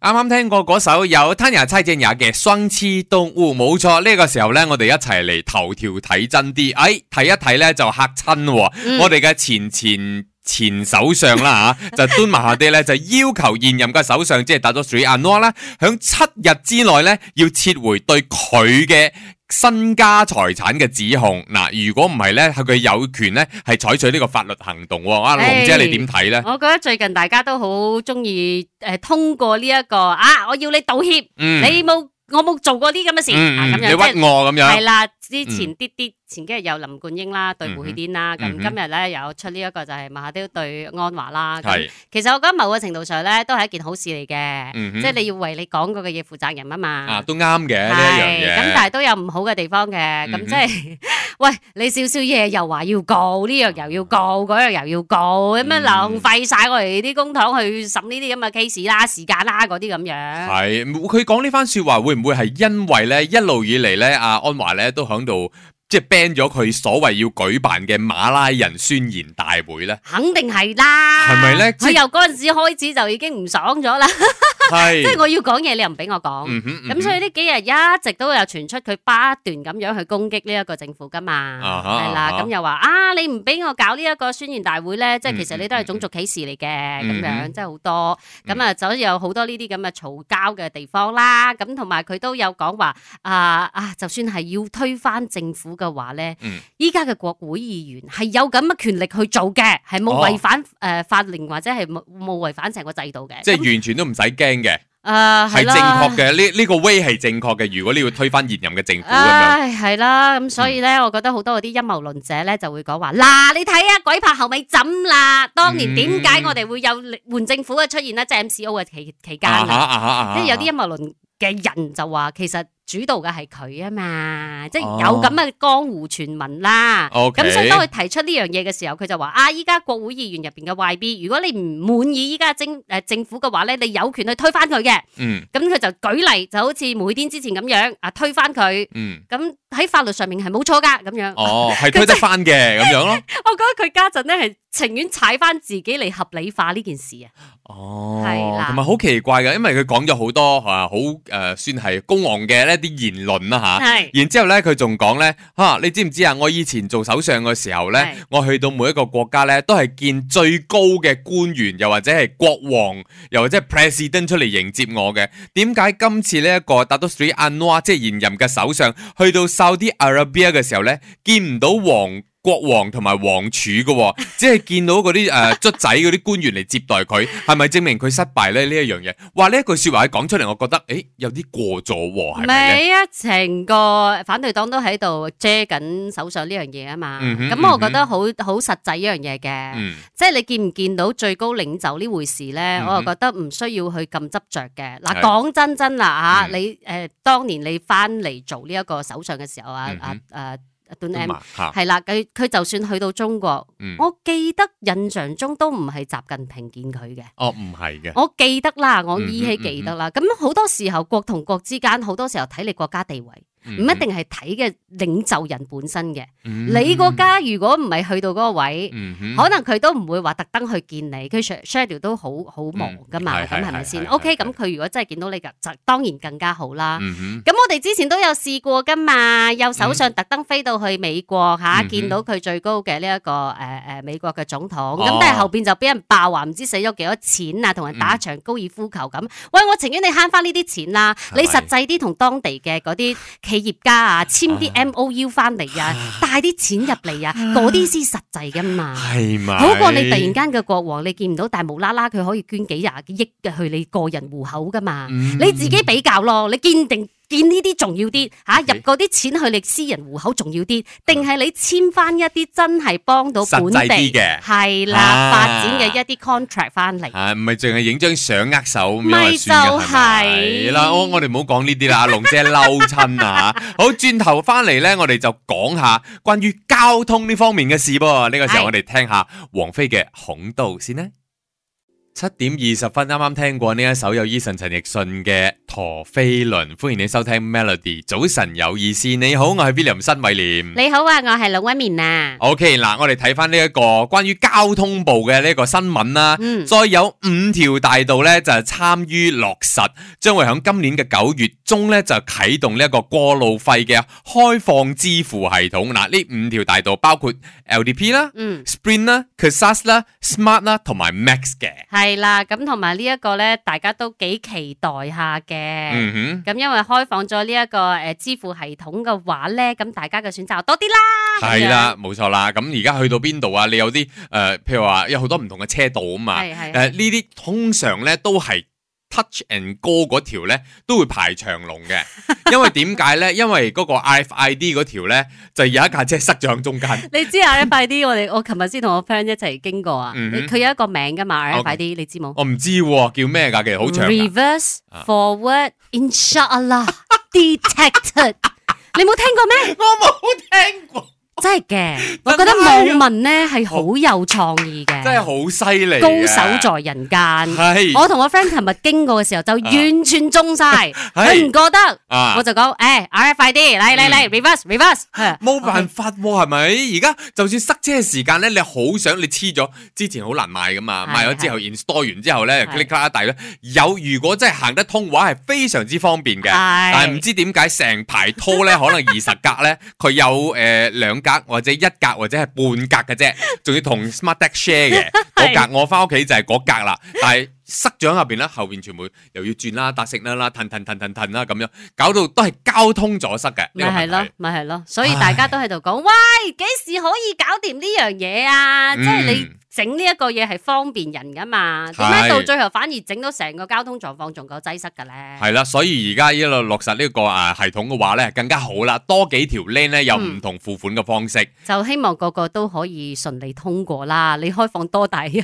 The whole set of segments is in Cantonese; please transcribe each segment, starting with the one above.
啱啱聽過嗰首有 Tanya 蔡健雅嘅雙棲動物，冇錯。呢、這個時候呢，我哋一齊嚟頭條睇真啲。哎，睇一睇呢，就嚇親。嗯、我哋嘅前，前前前首相啦、啊、吓， 就敦馬哈迪呢，就要求現任嘅首相，即係達咗 Anwar 啦，響七日之內呢，要撤回對佢嘅。身家財產嘅指控。嗱，如果唔係咧，係佢有權咧，係採取呢個法律行動。阿龍姐，你點睇咧？我覺得最近大家都好中意誒，通過呢、這、一個啊，我要你道歉，嗯、你冇。我冇做過啲咁嘅事，你屈我咁樣係啦。之前啲啲前幾日有林冠英啦，對胡希天啦，咁今日咧有出呢一個就係馬哈迪對安華啦。係，其實我覺得某個程度上咧都係一件好事嚟嘅，即係你要為你講過嘅嘢負責任啊嘛。啊，都啱嘅，咁但係都有唔好嘅地方嘅，咁即係。喂，你少少嘢又話要告，呢樣又要告，嗰樣又要告，咁樣、嗯、浪費晒我哋啲公帑去審呢啲咁嘅 case 啦、時間啦嗰啲咁樣。係，佢講呢番說話會唔會係因為咧一路以嚟咧，阿、啊、安華咧都響度。即係 ban 咗佢所謂要舉辦嘅馬拉人宣言大會咧，肯定係啦，係咪咧？佢由嗰陣時開始就已經唔爽咗啦，係，即係我要講嘢，你又唔俾我講，咁所以呢幾日一直都有傳出佢不斷咁樣去攻擊呢一個政府噶嘛，係啦，咁又話啊，你唔俾我搞呢一個宣言大會咧，即係其實你都係種族歧視嚟嘅。咁樣真係好多，咁啊，就有好多呢啲咁嘅嘈交嘅地方啦，咁同埋佢都有講話啊啊，就算係要推翻政府，嘅話咧，依家嘅國會議員係有咁嘅權力去做嘅，係冇違反誒法令，或者係冇冇違反成個制度嘅，即係完全都唔使驚嘅，係正確嘅。呢呢個 way 係正確嘅。如果你要推翻現任嘅政府咁樣，係啦。咁所以咧，我覺得好多嗰啲陰謀論者咧就會講話嗱，你睇下，鬼拍後尾枕啦。當年點解我哋會有換政府嘅出現咧？即係 MCO 嘅期期間，即係有啲陰謀論嘅人就話其實。主導嘅係佢啊嘛，即係有咁嘅江湖傳聞啦。咁、oh. Okay. 所以當佢提出呢樣嘢嘅時候，佢就話：啊，依家國會議員入邊嘅 YB，如果你唔滿意依家政誒政府嘅話咧，你有權去推翻佢嘅。嗯，咁佢就舉例，就好似每天之前咁樣啊，推翻佢。嗯、mm.，咁。喺法律上面係冇錯噶，咁樣。哦，係 推得翻嘅，咁 樣咯。 我覺得佢家陣咧係情願踩翻自己嚟，合理化呢件事啊。哦，係啦的。同埋好奇怪嘅，因為佢講咗好多吓，好、啊、誒、呃、算係高傲嘅呢一啲言論啦吓，係、啊、是然之後咧，佢仲講咧吓，你知唔知啊？我以前做首相嘅時候咧，是我去到每一個國家咧，都係見最高嘅官員，又或者係國王，又或者係 president 出嚟迎接我嘅。點解今次呢、這、一個達到 three and one，即係現任嘅首相去到？沙地阿拉伯嘅時候咧，見唔到黃，國王同埋王儲嘅，只係見到嗰啲誒卒仔嗰啲官員嚟接待佢，係咪證明佢失敗咧？呢一樣嘢，話呢一句說話講出嚟，我覺得誒有啲過咗，係咪咧？唔係啊，成個反對黨都喺度遮緊首相呢樣嘢啊嘛。咁我覺得好好實際一樣嘢嘅，即係你見唔見到最高領袖呢回事咧？我又覺得唔需要去咁執着嘅。嗱，講真真啦吓，你誒當年你翻嚟做呢一個首相嘅時候啊啊誒。d o t n e 係啦，佢佢就算去到中國，我記得印象中都唔係習近平見佢嘅。哦，唔係嘅，我記得啦，我依稀記得啦。咁好多時候國同國之間，好多時候睇你國家地位，唔一定係睇嘅領袖人本身嘅，你國家如果唔係去到嗰個位，可能佢都唔會話特登去見你。佢 schedule 都好好忙噶嘛，咁係咪先？OK，咁佢如果真係見到你嘅，就當然更加好啦。咁我哋之前都有試過噶嘛，有首相特登飛到去美國吓，見到佢最高嘅呢一個誒誒美國嘅總統，咁但係後邊就俾人爆話唔知使咗幾多錢啊，同人打場高爾夫球咁。喂，我情願你慳翻呢啲錢啦，你實際啲同當地嘅嗰啲。企業家啊，簽啲 MOU 翻嚟啊，帶啲錢入嚟啊，嗰啲先實際噶嘛。係嘛，好過你突然間嘅國王，你見唔到，但係無啦啦佢可以捐幾廿億嘅去你個人戶口噶嘛。你自己比較咯，你堅定。見呢啲重要啲吓，啊、Okay. 入嗰啲錢去你私人戶口重要啲，定係你簽翻一啲真係幫到本地嘅係啦發展嘅一啲 contract 翻嚟，係唔係淨係影張相握手咪就係、係、啦？ 我我哋唔好講呢啲啦，阿龍姐嬲親啊！ 好，轉頭翻嚟咧，我哋就講下關於交通呢方面嘅事噃。呢、這個時候我哋聽下王菲嘅《恐道》先啦。七點二十分，啱啱聽過呢一首有 Eason 陳奕迅嘅《陀飛輪》，歡迎你收聽 Melody。早晨有意思，你好，我係 William 新偉廉。你好啊，我係老威棉啊。OK，嗱，我哋睇翻呢一個關於交通部嘅呢個新聞啦。嗯，再有五條大道咧就係參與落實，將會響今年嘅九月。中咧就啟動呢一個過路費嘅開放支付系統嗱，呢、啊、五條大道包括 LDP 啦、嗯、Sprint 啦、Kesas 啦、Smart 啦同埋 Max 嘅。係啦，咁同埋呢一個咧，大家都幾期待下嘅。嗯哼，咁因為開放咗呢一個誒、呃、支付系統嘅話咧，咁大家嘅選擇多啲啦。係啦，冇錯、啊、啦。咁而家去到邊度啊？嗯、你有啲誒、呃，譬如話有好多唔同嘅車道啊嘛。係係。誒，呢啲通常咧都係。Touch and go 嗰條咧都會排長龍嘅，因為點解咧？因為嗰個 R F I D 嗰條咧就有一架車塞咗喺中間。你知 R F I D 我哋我琴日先同我 friend 一齊經過啊，佢、嗯、哼有一個名噶嘛 R F I D，Okay. 你知冇？我唔知喎，叫咩噶其實好長。Reverse forward inshallah detected， 你冇聽過咩？我冇聽過。真係嘅，我覺得網民咧係好有創意嘅，真係好犀利，高手在人間。係，我同我 friend 琴日經過嘅時候就完全中晒，佢唔覺得，我就講：，誒，R F 快啲，嚟嚟嚟，reverse reverse。冇辦法喎，係咪？而家就算塞車時間咧，你好想你黐咗之前好難買㗎嘛，買咗之後 install 完之後咧，quick 啦一帶咧，有如果真係行得通嘅話係非常之方便嘅，但係唔知點解成排拖咧可能二十格咧佢有誒兩。格或者一格或者係半格嘅啫，仲要同 smart deck share 嘅嗰格，我翻屋企就係嗰格啦。但係塞咗入邊啦，後邊全部又要轉啦、搭食啦、啦、騰騰騰騰騰啦，咁樣搞到都係交通阻塞嘅。咪係咯，咪係咯，所以大家都喺度講，喂，幾時可以搞掂呢樣嘢啊？即係你。整呢一個嘢係方便人噶嘛？點解是到最後反而到整到成個交通狀況仲夠擠塞嘅咧？係啦，所以而家一路落實呢個誒系統嘅話咧，更加好啦，多幾條 lane 咧，有唔同付款嘅方式、嗯。就希望個個都可以順利通過啦。你開放多大，又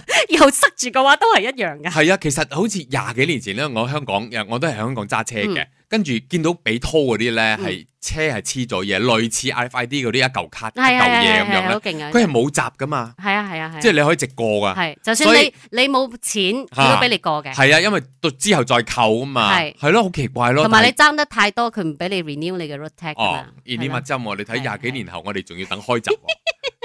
塞住嘅話都係一樣嘅。係啊，其實好似廿幾年前咧，我香港，我都係香港揸車嘅。嗯跟住見到俾拖嗰啲咧，係車係黐咗嘢，類似 RFID 嗰啲一嚿卡一嚿嘢咁樣咧。佢係冇閘噶嘛。係啊係啊，即係你可以直過噶。係，就算你你冇錢，都俾你過嘅。係啊，因為到之後再扣啊嘛。係，係咯，好奇怪咯。同埋你爭得太多，佢唔俾你 renew 你嘅 road tax 啊。而呢你睇廿幾年後，我哋仲要等開閘。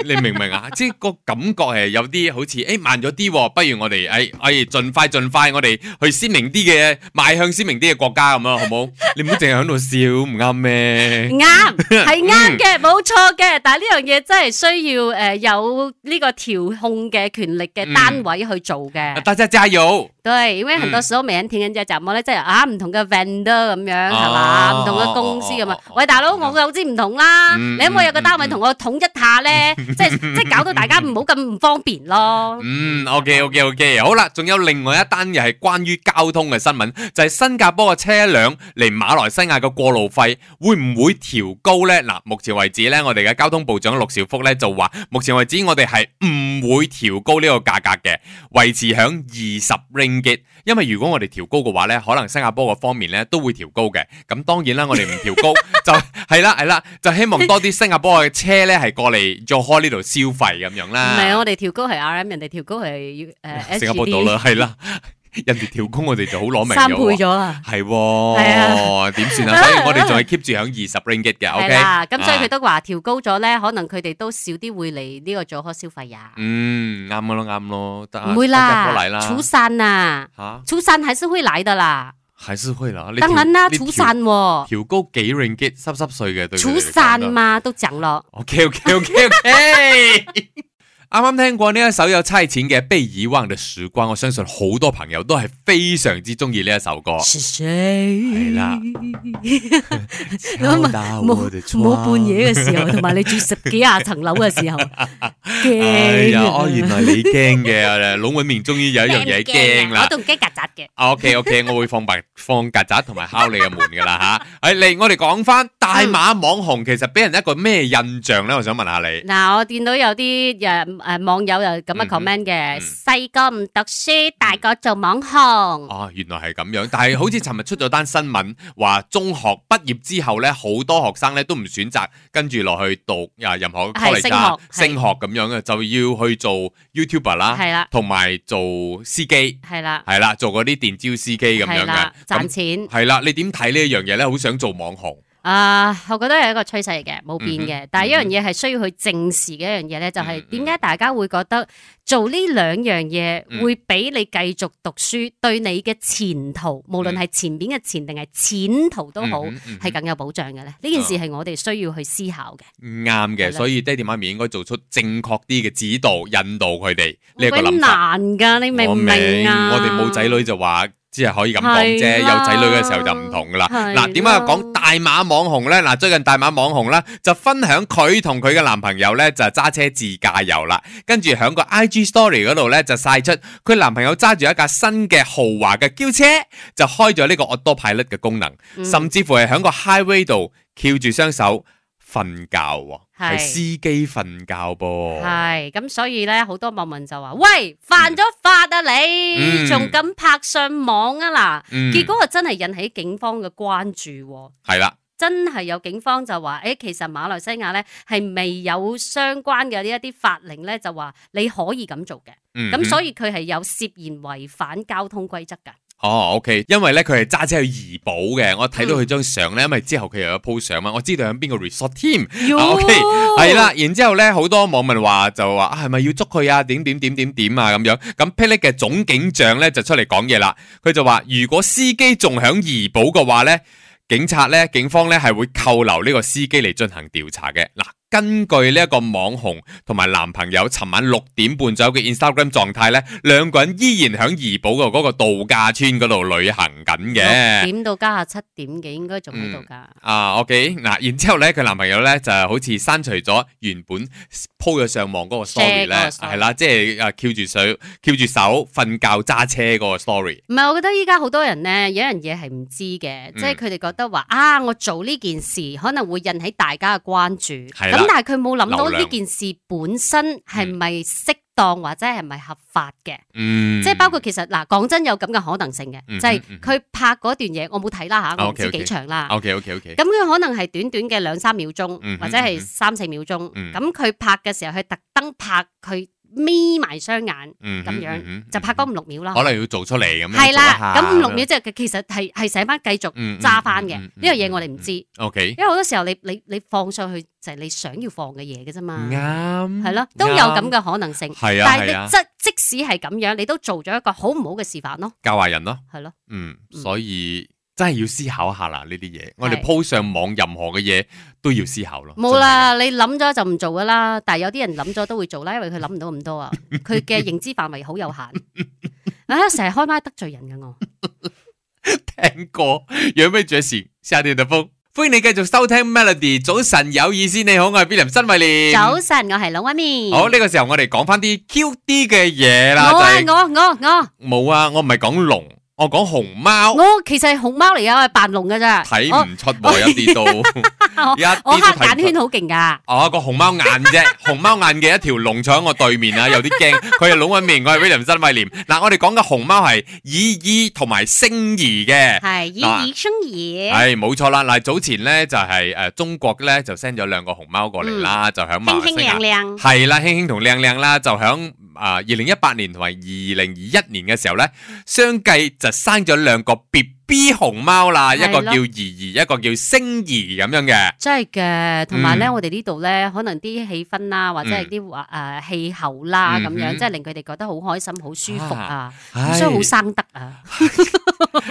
你明唔明啊？即係個感覺係有啲好似誒、欸、慢咗啲、哦，不如我哋誒誒盡快盡快我，我哋去鮮明啲嘅，邁向鮮明啲嘅國家咁咯，好唔好？ 你唔好淨係響度笑，唔啱咩？啱係啱嘅，冇錯嘅。但係呢樣嘢真係需要誒、呃、有呢個調控嘅權力嘅單位去做嘅、嗯。大家加油！對，因為很多時候名肯聽人就怎麼咧，即係、嗯、啊唔同嘅 vendor 咁樣係嘛，唔、啊、同嘅公司咁啊，啊啊喂大佬、啊、我嘅手機唔同啦，嗯嗯、你有冇有，有個單位同、嗯、我統一,一下咧？嗯、即係即係搞到大家唔好咁唔方便咯。嗯 okay，OK OK OK，好啦，仲有另外一單又係關於交通嘅新聞，就係、是、新加坡嘅車輛嚟馬來西亞嘅過路費會唔會調高咧？嗱，目前為止咧，我哋嘅交通部長陸兆福咧就話，目前為止我哋係唔會調高呢個價格嘅，維持響二十凍結，因為如果我哋調高嘅話咧，可能新加坡嘅方面咧都會調高嘅。咁當然啦，我哋唔調高就係啦係啦，就希望多啲新加坡嘅車咧係過嚟再開呢度消費咁樣啦。唔係啊，我哋調高係 RM，人哋調高係誒新加坡島啦，係啦。人哋調高我哋就好攞命，三倍咗喇！係喎，點算啊？所以我哋仲係 keep 住響二十 ringgit 嘅。OK，咁所以佢都話調高咗咧，可能佢哋都少啲會嚟呢個佐科消費呀。嗯，啱咯，啱咯，唔會啦，初三啊，初三還是會來的啦，還是會啦。當然啦，初三調高幾 ringgit，濕濕碎嘅，初三嘛都講咗。OK，OK，OK。啱啱聽過呢一首有差錢嘅《被遺忘嘅曙光》，我相信好多朋友都係非常之中意呢一首歌。係啦，冇半夜嘅時候，同埋你住十幾廿層樓嘅時候，驚啊！ 哎、原來你驚嘅， 老面面終於有一樣嘢驚啦。我仲驚曱甴嘅。OK，OK，、okay, okay, 我會放放曱甴同埋敲你嘅門噶啦吓。誒、 哎，嚟我哋講翻大馬網紅，其實俾人一個咩印象咧？我想問下你。嗱，我見到有啲人。呃 誒，網友又咁樣 comment 嘅，細個唔讀書，大個做網紅。哦，原來係咁樣，但係好似尋日出咗單新聞，話中學畢業之後咧，好多學生咧都唔選擇跟住落去讀啊任何科嚟扎，升學咁樣嘅，就要去做 YouTuber 啦的，係啦，同埋做司機，係啦的，係啦，做嗰啲電招司機咁樣嘅，賺錢。係啦，你點睇呢一樣嘢咧？好想做網紅。啊，uh，我覺得係一個趨勢嚟嘅，冇變嘅。嗯、哼 但係一樣嘢係需要去正視嘅一樣嘢咧，就係點解大家會覺得做呢兩樣嘢會俾你繼續讀書，嗯、對你嘅前途，無論係前邊嘅前定係前途都好，係、嗯、哼 更有保障嘅咧？呢、嗯、哼 件事係我哋需要去思考嘅。啱嘅、嗯，的所以爹哋媽咪應該做出正確啲嘅指導，引導佢哋呢一個諗法難㗎，你明唔明啊？我明，我哋冇仔女就話。只係可以咁講啫，了有仔女嘅時候就唔同啦。嗱了，點解講大馬網紅呢？嗱、啊，最近大馬網紅呢，就分享佢同佢嘅男朋友呢，就揸車自駕遊啦。跟住喺個 IG Story 嗰度呢，就曬出佢男朋友揸住一架新嘅豪華嘅轎車，就開咗呢個 Autopilot 嘅功能，甚至乎係喺個 Highway 度翹住雙手。瞓覺喎、哦，係是司機瞓覺噃、哦，係咁所以咧好多網民就話：，喂，犯咗法啊你，仲、嗯、敢拍上網啊嗱？嗯、結果啊真係引起警方嘅關注、哦，係啦的，真係有警方就話：，誒、欸，其實馬來西亞咧係未有相關嘅呢一啲法令咧，就話你可以咁做嘅，咁、嗯、所以佢係有涉嫌違反交通規則噶。哦、oh,，OK，因為咧佢係揸車去怡保嘅，我睇到佢張相咧，mm. 因為之後佢又有 po 相嘛。我知道響邊個 resort 添 Yo.，OK，係啦，然之後咧好多網民話就話係咪要捉佢啊？點點點點點啊咁樣，咁霹靂嘅總警長咧就出嚟講嘢啦，佢就話如果司機仲響怡保嘅話咧，警察，咧警方咧係會扣留呢個司機嚟進行調查嘅嗱。根據呢一個網紅同埋男朋友尋晚六點半左右嘅 Instagram 狀態咧，兩個人依然喺怡寶嘅嗰個度假村嗰度旅行緊嘅六點到家下七點幾，應該仲喺度噶。啊，OK 嗱、啊，然之後咧，佢男朋友咧就係好似刪除咗原本鋪咗上網嗰個 story 咧，係、啊、啦，即係啊翹住手翹住手瞓覺揸車嗰個 story。唔係，我覺得依家好多人咧有一樣嘢係唔知嘅，嗯、即係佢哋覺得話啊，我做呢件事可能會引起大家嘅關注。咁但係佢冇諗到呢件事本身係咪適當或者係咪合法嘅？嗯，即係包括其實嗱，講真有咁嘅可能性嘅，嗯嗯、就係佢拍嗰段嘢，我冇睇啦嚇，我唔知幾長啦。OK OK OK。咁佢可能係短短嘅兩三秒鐘，嗯、或者係三四秒鐘，咁佢、嗯嗯嗯、拍嘅時候，佢特登拍佢。眯埋雙眼咁樣就拍嗰五六秒啦，可能要做出嚟。咁。係啦，咁五六秒即係佢其實係係醒翻繼續揸翻嘅呢個嘢，我哋唔知。OK，因為好多時候你你你放上去就係你想要放嘅嘢嘅啫嘛，啱，係咯，都有咁嘅可能性。係啊，但係你即即使係咁樣，你都做咗一個好唔好嘅示範咯，教壞人咯，係咯，嗯，所以。真係要思考下啦呢啲嘢，我哋鋪上網任何嘅嘢都要思考咯。冇啦，你諗咗就唔做噶啦。但係有啲人諗咗都會做啦，因為佢諗唔到咁多啊。佢嘅認知範圍好有限。啊，成日開麥得罪人嘅我。聽過，有咩爵士？夏天的風，歡迎你繼續收聽 Melody。早晨有意思，你好，我係 B 林新偉連。早晨，我係龍威面。好，呢個時候我哋講翻啲 Q 啲嘅嘢啦。我我我我冇啊，我唔係講龍。我講熊貓，我其實係熊貓嚟噶，我係扮龍噶咋，睇唔出喎，有啲一啲都睇唔出。我黑眼圈好勁噶。哦，個熊貓眼啫，熊貓眼嘅一條龍坐喺我對面啦，有啲驚。佢係龍嘅面，我係 William 新威廉。嗱，我哋講嘅熊貓係以依同埋星兒嘅，係以依星兒，係冇錯啦。嗱，早前咧就係誒中國咧就 send 咗兩個熊貓過嚟啦，就響馬場，係啦，輕輕同靚靚啦，就響。啊！二零一八年同埋二零二一年嘅時候咧，相繼就生咗兩個 BB。B 熊貓啦，一個叫怡怡，一個叫星怡咁樣嘅，真係嘅。同埋咧，我哋呢度咧，可能啲氣氛啦，或者係啲話誒氣候啦，咁樣，即係令佢哋覺得好開心、好舒服啊，所以好生得啊，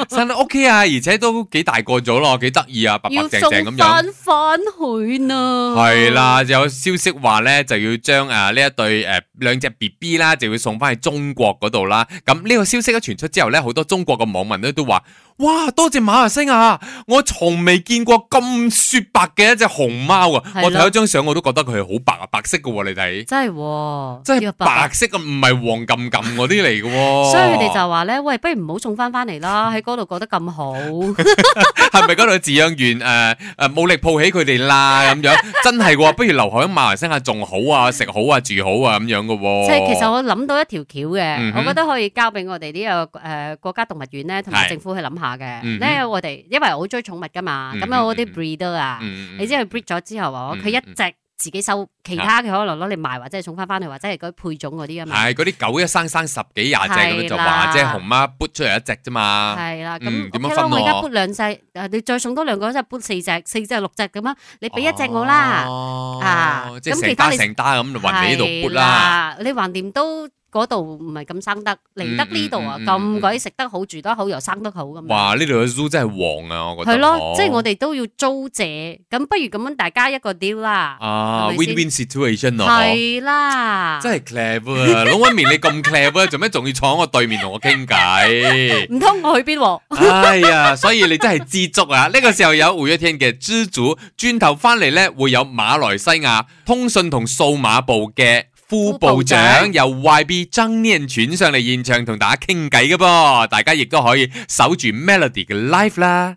生得 OK 啊，而且都幾大個咗咯，幾得意啊，白白淨淨咁樣。要送翻翻去啦，係啦，就有消息話咧就要將誒呢一對誒兩隻 B B 啦，就要送翻去中國嗰度啦。咁呢個消息一傳出之後咧，好多中國嘅網民咧都話。哇！多謝馬來西亞，我從未見過咁雪白嘅一隻熊貓啊！的我睇咗張相，我都覺得佢係好白啊，白色嘅喎，你睇。真係、哦，真係白色爸爸金金啊，唔係黃冚冚嗰啲嚟嘅喎。所以佢哋就話咧，喂，不如唔好送翻翻嚟啦，喺嗰度過得咁好。係咪嗰度嘅飼養員誒冇力抱起佢哋啦？咁樣真係喎、哦，不如留喺馬來西亞仲好啊，食好啊，住好啊咁樣嘅、啊、喎。即係、就是、其實我諗到一條橋嘅，嗯、哼我覺得可以交俾我哋呢個誒國家動物園咧，同埋政府去諗下。嘅，咧我哋，因為我好追寵物噶嘛，咁啊我啲 breeder 啊，你知佢 breed 咗之後啊，佢一隻自己收，其他嘅可能攞嚟賣，或者送翻翻去，或者係嗰啲配種嗰啲啊。係，嗰啲狗一生生十幾廿隻咁就話，即係熊媽 breed 出嚟一隻啫嘛。係啦，咁點樣分我？因為而家 breed 兩隻，誒，你再送多兩個即係 breed 四隻、四隻、六隻咁啊，你俾一隻我啦，啊，即係成單成單咁運喺度 breed 啦，你橫掂都。嗰度唔係咁生得嚟得呢度啊，咁鬼食得好住得好又生得好咁。哇！呢度嘅租真係旺啊，我覺得係咯，了好即係我哋都要租借，咁不如咁樣大家一個 deal 啦。啊，win-win 不 situation 咯了。係啦、啊，真係 clever 老溫明你咁 clever，做咩仲要坐我對面同我傾偈？唔通 我去邊？ 哎呀，所以你真係知足啊！呢、這個時候有會一廳嘅知足轉頭翻嚟咧，會有馬來西亞通訊同數碼部嘅。副部長由 YB 張念群上嚟現場同大家傾偈嘅噃，大家亦都可以守住 melody 嘅 life 啦。